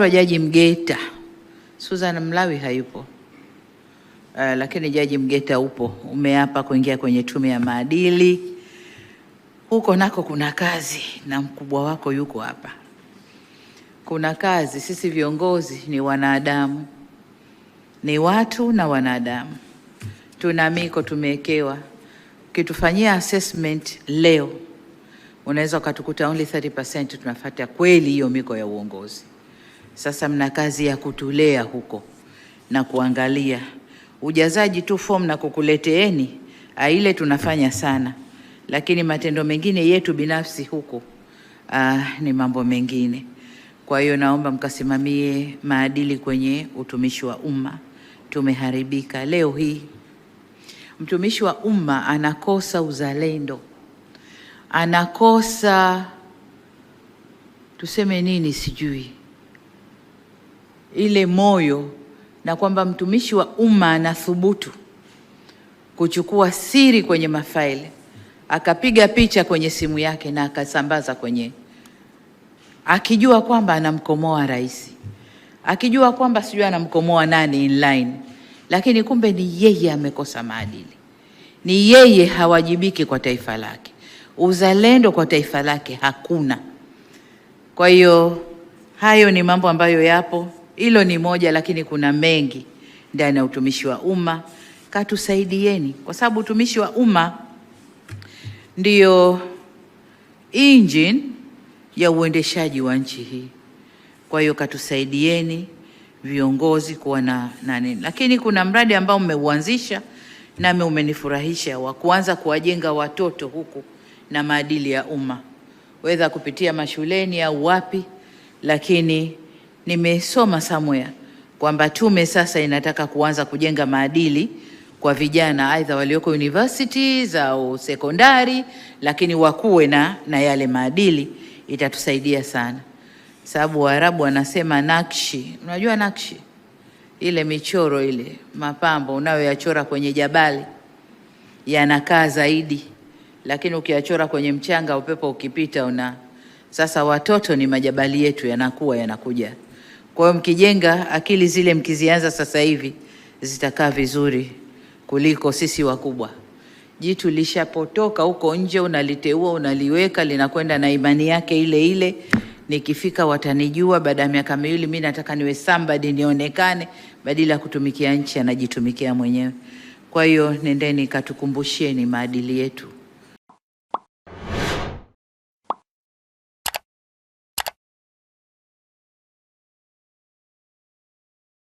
wa Jaji Mgeta Susan Mlawi hayupo, uh, lakini Jaji Mgeta upo, umeapa kuingia kwenye tume ya maadili. Huko nako kuna kazi, na mkubwa wako yuko hapa, kuna kazi. Sisi viongozi ni wanadamu, ni watu na wanadamu, tuna miko tumewekewa. Ukitufanyia assessment leo, unaweza ukatukuta only 30% tunafuata kweli hiyo miko ya uongozi. Sasa mna kazi ya kutulea huko na kuangalia ujazaji tu form na kukuleteeni ah, ile tunafanya sana, lakini matendo mengine yetu binafsi huko ah, ni mambo mengine. Kwa hiyo naomba mkasimamie maadili kwenye utumishi wa umma. Tumeharibika leo hii. Mtumishi wa umma anakosa uzalendo, anakosa tuseme nini, sijui ile moyo na kwamba mtumishi wa umma anathubutu kuchukua siri kwenye mafaili akapiga picha kwenye simu yake na akasambaza kwenye, akijua kwamba anamkomoa rais, akijua kwamba sijui anamkomoa nani inline, lakini kumbe ni yeye amekosa maadili, ni yeye hawajibiki kwa taifa lake, uzalendo kwa taifa lake hakuna. Kwa hiyo hayo ni mambo ambayo yapo hilo ni moja, lakini kuna mengi ndani ya utumishi wa umma. Katusaidieni kwa sababu utumishi wa umma ndiyo engine ya uendeshaji wa nchi hii. Kwa hiyo katusaidieni viongozi kuwa na nani. Lakini kuna mradi ambao mmeuanzisha nami umenifurahisha wa kuanza kuwajenga watoto huku na maadili ya umma, wedha kupitia mashuleni au wapi, lakini nimesoma somewhere kwamba tume sasa inataka kuanza kujenga maadili kwa vijana aidha walioko universities au sekondari, lakini wakuwe na, na yale maadili. Itatusaidia sana sababu Waarabu wanasema nakshi. Unajua nakshi ile michoro ile mapambo unayoyachora kwenye jabali yanakaa zaidi, lakini ukiyachora kwenye mchanga, upepo ukipita una. Sasa watoto ni majabali yetu, yanakuwa yanakuja kwa hiyo mkijenga akili zile, mkizianza sasa hivi zitakaa vizuri kuliko sisi wakubwa. Jitu lishapotoka huko nje, unaliteua unaliweka, linakwenda na imani yake ile ile. Nikifika watanijua, baada ya miaka miwili mi nataka niwe somebody, nionekane, badala ya kutumikia nchi anajitumikia mwenyewe. Kwa hiyo nendeni, katukumbusheni maadili yetu.